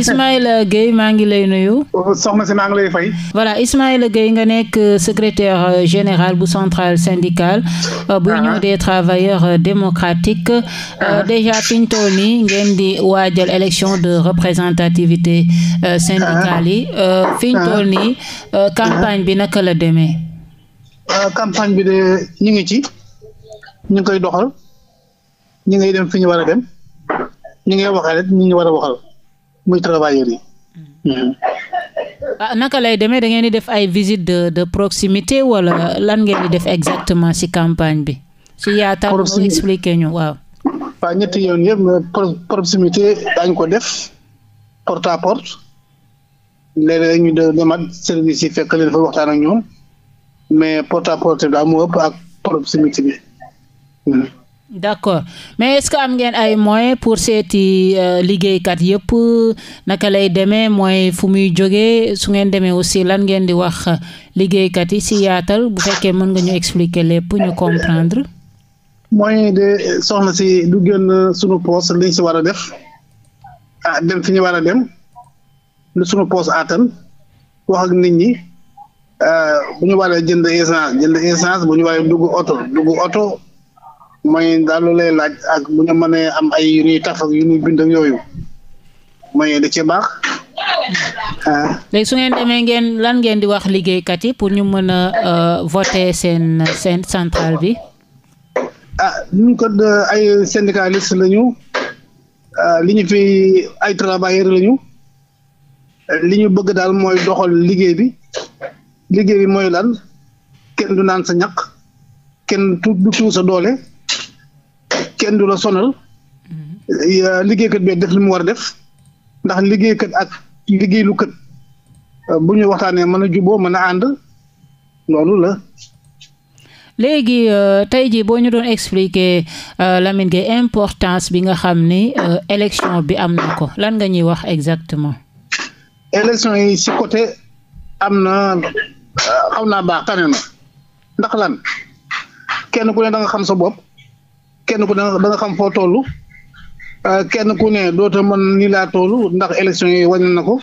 Ismaïla Gueye maa ngi lay nuyu. Oh, soxna si maa ngi lay fay. voilà Ismaïla Gueye nga nekk euh, secrétaire euh, général bu central syndicale. Euh, bu ah. union des travailleurs démocratiques. Ah. déjà fi toll nii ngeen di waajal élection de représentativité syndicale yi. Ah. fi ñu toll nii campagne bi naka la demee. campagne bi de ñu ngi ci ñu ngi koy doxal ñu ngi dem fi ñu war a dem ñu ngi waxal ngi war a muy travailleurs yi. ah naka lay demee da ngeen di def ay visite de de proximité wala lan ngeen di def exactement ci campagne bi. ci yaatal mu expliqué ñu waaw. waaw ñetti yoon yëpp proximité daañu ko def porte à porte léeg-léeg ñu demaat service yi fekk leen fa waxtaan ak ñoom mais porte à porte daa ëpp ak proximité bi. Hmm. d' accord mais est ce que am ngeen ay moyens pour seeti euh, liggéeykat yëpp naka lay demee mooy fu muy jógee su ngeen demee aussi lan ngeen di wax liggéeykat yi si yaatal bu fekkee mën nga ñu expliquer lépp ñu comprendre. mooy de soxna si du génn sunu poos liñ si war a def ah dem fi ñu war a dem lu sunu poos attan wax ak nit ñi ah, bu ñu waree jënd essence jënd bu ñu waree dugg oto dugg oto. mooy daal lu lay laaj ak bu ñu mënee am ay yu ñuy taf ak yu ñuy bind yooyu mooy da ci baax. Ah. léegi su ngeen demee ngeen lan ngeen di wax liggéeykat yi pour ñu mën a euh, voter seen seen centrale bi. ah ñu ko euh, ay syndicaliste lañu ah, li ñu fi ay travailleurs lañu li ñu bëgg daal mooy doxal liggéey bi liggéey bi mooy lan kenn du naan sa ñakk kenn du tuur sa doole. kenn du la sonal mhm. liggéeykat bi def li mu war a def ndax liggéeykat ak liggéey lu kët euh, bu ñuy waxtaanee mën a juboo mën a ànd loolu la léegi euh, tey jii boo ñu doon expliquer euh, Lamine Gueye importance bi nga xam ni élection bi am na ko lan nga ñuy wax exactement élection yi ci côté am na xaw naa baax tane ndax lan kenn ku ne da xam sa bopp kenn ku da nga xam foo toll euh, kenn ku ne doota mën ni laa toll ndax élection yi wàññi na ko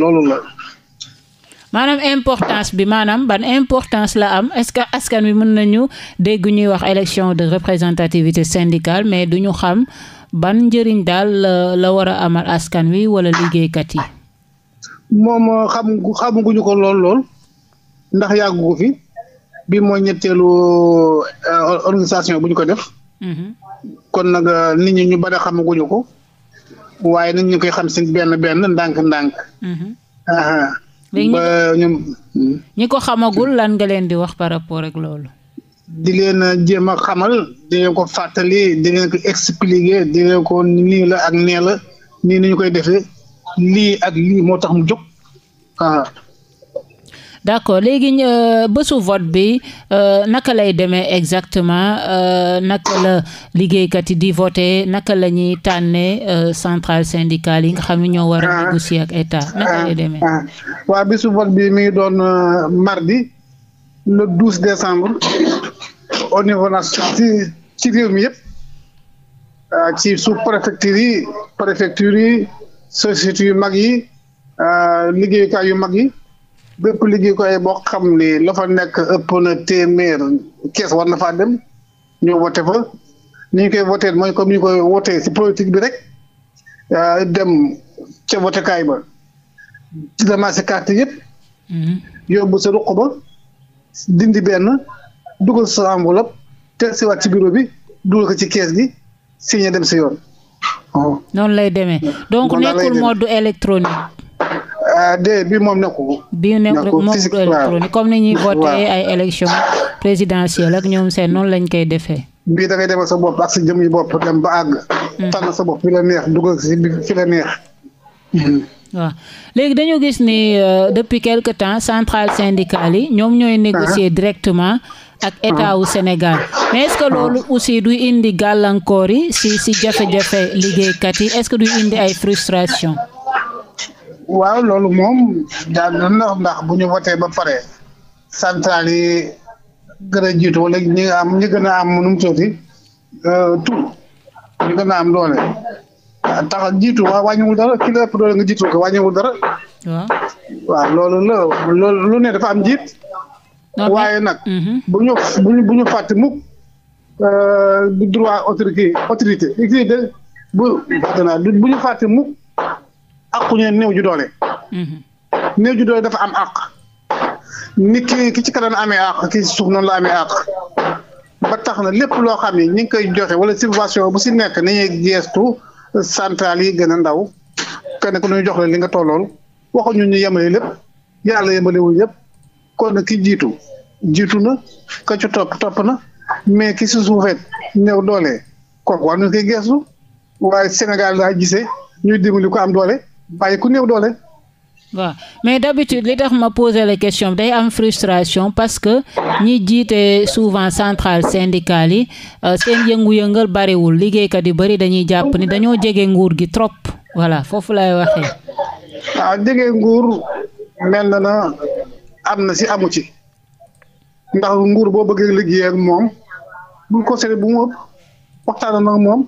loolu la. maanaam importance bi maanaam ban importance la am est-ce que askan wi mën nañu dégg ñuy wax élection de représentativité syndicale mais du ñu xam ban njëriñ daal la war a amal askan wi wala liggéeykat yi. moom xam xamaguñu ko lool lool ndax yàggu fi bi mooy ñetteelu organisation bu ñu ko def. Mhm. kon nag euh, nit ñi ñu bari xamaguñu ko waaye nit ñu koy xam si benn benn ndànk ndànk. Mhm. ba ñoom. Hmm. ñi ko xamagul lan nga leen di wax par rapport ak loolu. di leen euh, jéem a xamal di leen ko fàttali di leen ko expliquer di leen ko nii la ak nee la ni ñu koy defee lii ak lii moo tax mu jóg. d' accord léegi euh, bésu vote bi euh, naka lay demee exactement euh, naka la liggéeykat yi di voté naka la ñuy tànnee centrale syndicale yi nga xam ne ñoo war a ak état naka lay demee. Ah, ah, ah. waa bésu vote bi mi doon mardi le douze décembre au niveau national ci ci réew mi yëpp. ci sous préfecture yi préfecture yi société yu mag yi liggéeyukaay yu mag yi. bépp liggéey koy boo xam ni la fa nekk ëpp na téeméer kees war na faa dem ñu voté fa ni koy voté mooy comme ñu koy voté ci politique bi rek euh, dem ca votékaay ba ci damaase carte yëpp. Mm-hmm. yóbbu sa ruq ba dindi benn dugal sa enveloppe te si waat ci bureau bi dugal ko ci kees gi signé dem si yoon. noonu lay demee donc nekkul mode électronique. Euh, de bi moom nekkul. bii nekkul moom électronique comme ni ñuy voté ay élection présidentielle ak ñoom seen noonu lañ koy defee. bii da ngay sa bopp ak sa jëm yi bopp hmm. bopp fi la neex dugal si fi la neex. Hmm. waaw gis ni euh, depuis quelque temps centrale syndicale yi ñoom ñooy ah. négocier directement ak état ah. Sénégal mais est que loolu ah. aussi duy indi gàllankoor yi si si jafe-jafe liggéeykat yi est-ce que du indi ay frustration waaw loolu moom jaaduwul na ndax bu ñu voté ba pare centrale yi gën a jiitu wala ñi am ñi gën am nu mu tuuti tur ñi gën am doole ah, tax jiitu waa wàññiwul dara ki la nga jiitu ko wàññiwul dara. waaw loolu loolu lu ne dafa am jiit. waaye nag. Mhm. bu ñu bu ñu bu ñu fàtte mukk euh, du droit autorité autorité bu bu ñu fàtte mukk. àqu ñu ne néew ju doole. Mhm. néew ju doole dafa am àq. nit ki ki ci kanam amee àq ki suuf noonu la amee àq. ba tax na lépp loo xam ne ñu ngi koy joxe wala subvention bu si nekk nañuy geestu centrale yi gën a ndaw kenn ku ñu jox la li nga tollool waxuñu ñu yemale lépp yàlla yemalewul yëpp kon ki jiitu jiitu na na mais ki si suufeet néew doole kooku war nañu koy geestu waaye Sénégal daa gisee ñuy dimbali ko am doole bàyyi ku néew doole. waaw mais d'habitude li tax ma poser la question day am frustration parce que ñi jiite souvent centrale syndicale yi euh, seen yëngu-yëngal bariwul liggéeykat yu bari dañuy jàpp ni dañoo jege nguur gi trop voilà foofu lay waxee. waaw ah, jege nguur mel na na am na si amu ci ndax nguur boo bëggee liggéey ak moom bul ko bu mu ëpp waxtaan ak moom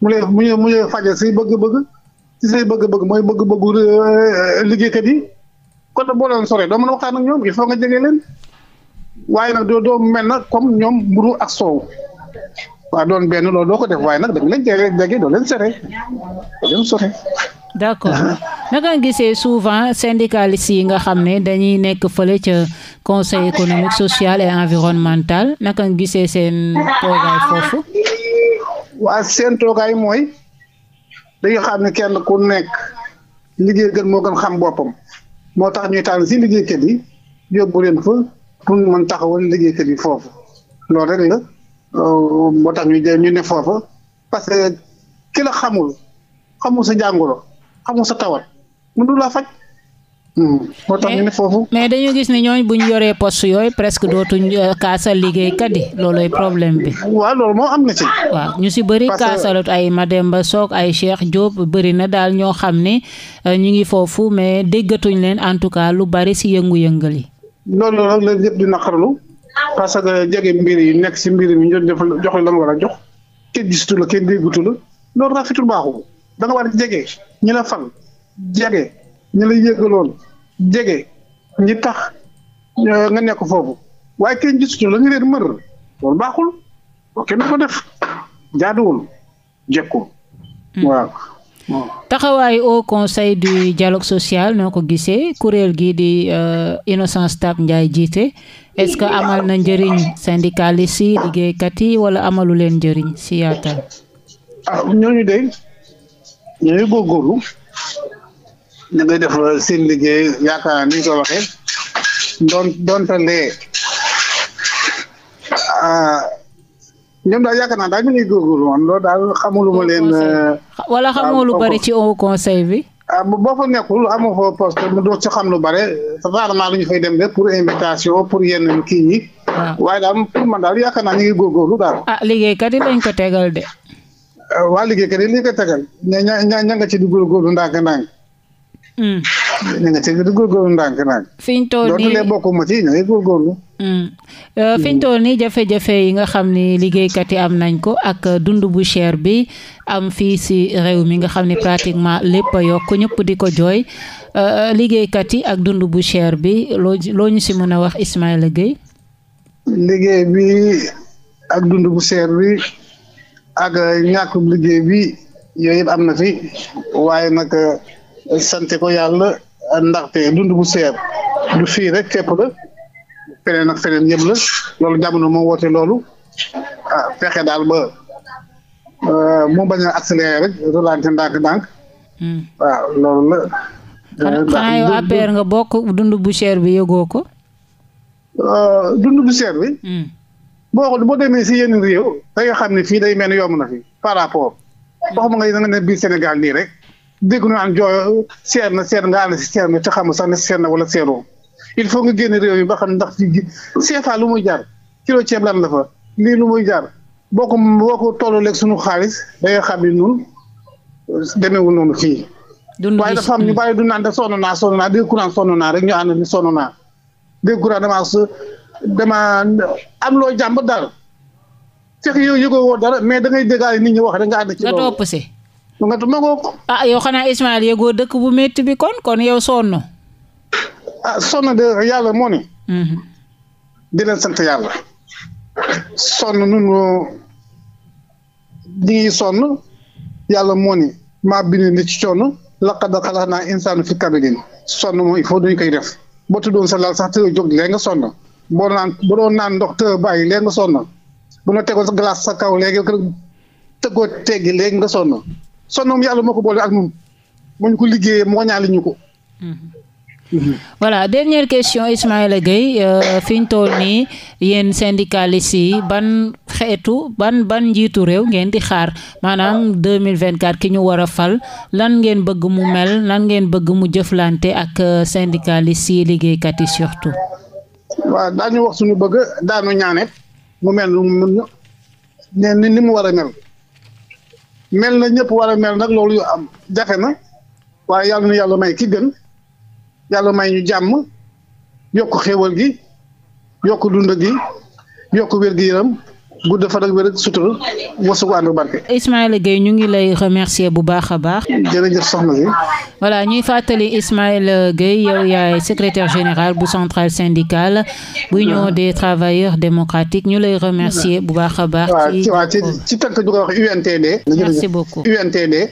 mu lay mu lay fajal si bëgg-bëgg. ci say bëgg-bëgg mooy bëgg-bëggu euh, euh, liggéeykat yi ko nag boo leen soree doo mën a waxtaan ak ñoom il faut nga jege leen waaye nag doo doo mel na comme ñoom mburu ak soow waaw doon benn loolu doo ko def waaye nag da nga leen jege jege doo leen sore doo leen sore d'accord naka nga gisee souvent syndicalistes yi nga xam ne dañuy nekk fële ca conseil économique social et environnemental naka nga gisee seen toogaay foofu. waa seen toogaay mooy. dañu xam ne kenn ku nekk liggéey gën moo gën xam boppam moo tax ñuy tànn si liggéeykat yi yóbbu leen fa pour ñu mën taxawal liggéeykat yi foofu loolu rek la euh, moo tax ñuy ñu ñu ne foofa parce que ki xamul xamul sa jàngoro xamul sa tawat mënu la faj. Hmm. moo tax ñu ne foofu. mais dañu gis ne ñooñu bu ñu yoree poste yooyu presque dootuñ euh, kaasa liggéeykat yi loolooy problème bi. waaw loolu moo am na ci. waaw ñu si bëri kaasalut ay Mademba Sock ay Cheikh Diop bëri na daal ñoo xam ne euh, ñu ngi foofu mais déggatuñ leen en tout cas lu bari si yëngu-yëngal yi. loolu la la ñëpp di naqarlu parce que jege mbir yi nekk si mbir mi ñu jox la war a kenn gisatu la kenn déggatu la loolu rafetul baaxul da nga war a jege ñu la fal jege ñu la yëgaloon. jege ñi tax euh, nga nekk foofu waaye kenn gisutu la nga leen mër loolu baaxul kenn ko def jaaduwul jekkul hmm. waaw taxawaayu conseil du dialogue social noo ko gisee kuréel gii di euh, Innocence Ntap Ndiaye jiite est-ce que amal na njariñ syndicaliste yi liggéeykat yi wala amalu leen njëriñ si yaatal. ah ñooñu de ñooñu góorgóorlu ñu ngi def seen liggéey yaakaar naa ni ñu ko waxee doon doonte lee ah, ñoom daal yaakaar naa daal ñu ngi góorgóorlu woon loolu daal leen. Ah, wala xamoo lu bari ci au conseil bi. ah boo fa nekkul amoo fa poste mu doo ci xam lu bare rarement lu ñu fay dem de pour invitation pour yenn kii ñi. Ah. waaye daal pour man daal yaakaar naa ñu ngi góorgóorlu daal. ah liggéeykat yi lañ ko tegal de. waa liggéeykat yi li ko tegal ña ña ña ci di góorgóorlu ndànk-ndànk. Mm. na nga teg di góorgóorlu ndànk nag. fi ñu mm. euh, nii jafe-jafe yi nga xam ni liggéeykat yi am nañ ko ak dund bu cher bi am fii si réew mi nga xam ni pratiquement lépp a yokk ñëpp di ko jooy euh, euh, liggéeykat yi ak dund bu cher bi loo ñu si mën a wax Ismaïla Gueye. liggéey bi ak dund bu cher bi ak ñàkk liggéey bi yooyu yëpp am na fi waaye nag. sante ko yàlla ndaxte dund bu seer du fii rek képp la feneen ak feneen yëpp loolu jamono moo woote loolu ah fexe daal ba euh, mu bañ a accéléré rek relante ndànk-ndànk hmm. waaw loolu la xanaa euh, nga bokk dund bu cher bi yëgoo ko euh, dund bu cher bi hmm. boo ko boo demee si yenn réew da xam ne fii day mel ni yomb na fi par rapport hmm. waxuma nga ne biir Sénégal nii rek dégg ñu naan jooy seer na seer nga ànd si seer na te xamul sax ne seer na wala seeroo il faut nga génn réew mi ba xam ndax fi CFA lu muy jaar kilo ceeb lan la fa lii lu muy jaar boo ko boo ko tollooleeg sunu xaalis da xam ni ñun demeewul noonu fii. waaye dafa am ñu du naan da sonn naa sonn naa dégg naa rek ñu ànd ni sonn naa dégg ku naan am loo jàmb daal fekk yow yëgoo woo dara mais da ngay déggaale nit ñi wax rek nga ànd ci loolu si. nga tu ma ah yow xanaa Ismaël yëgoo dëkk bu métti bi kon kon yow sonn ah sonn de yàlla moo ni mhm. di leen sant yàlla sonn nunu ñi ngi sonn yàlla moo ni maa bind ni ci coono laqad xalaqnaa insaana fi kabadin sonn moom il faut duñu koy def boo tuddoon sa laal sax tëra jóg léegi sonn boo naan bu doon naan ndox tëra bàyyi leen nga sonn bu na tegoon sa glace sa kaw léegi tëggoo teggi léegi nga sonn sonnoom yàlla moo ko boole ak ñun moo ñu ko liggéeyee moo ñaali ñu ko. Mhm. voilà dernière question Ismaïla Gueye euh, fi ñu toll nii yéen syndicalistes yi ban xeetu ban ban njiitu réew ngeen di xaar maanaam 2024 ki ñu war a fal lan ngeen bëgg mu mel lan ngeen bëgg mu jëflante ak euh, syndicalistes yi liggéeykat yi surtout. waaw daañu wax suñu bëgg daanu ñaanet mu mel ne ni mu war mel. mel na ñëpp war a mel nag loolu yu am jafe na waaye yàlla na yàlla may ki gën yàlla may ñu jàmm yokk xéewal gi yokk dund gi yokk wér-gi-yaram gudd fan ak wér ak sutura wasu ko ñu ngi lay remercier bu baax a baax. jërëjëf soxna voilà ñuy fàttali Ismaïla Gueye yow yaay secrétaire général bu centrale syndicale bu union des travailleurs démocratiques ñu lay remercier bu baax a baax. ci waaw ci ci tànk du ko wax merci beaucoup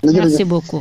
merci beaucoup.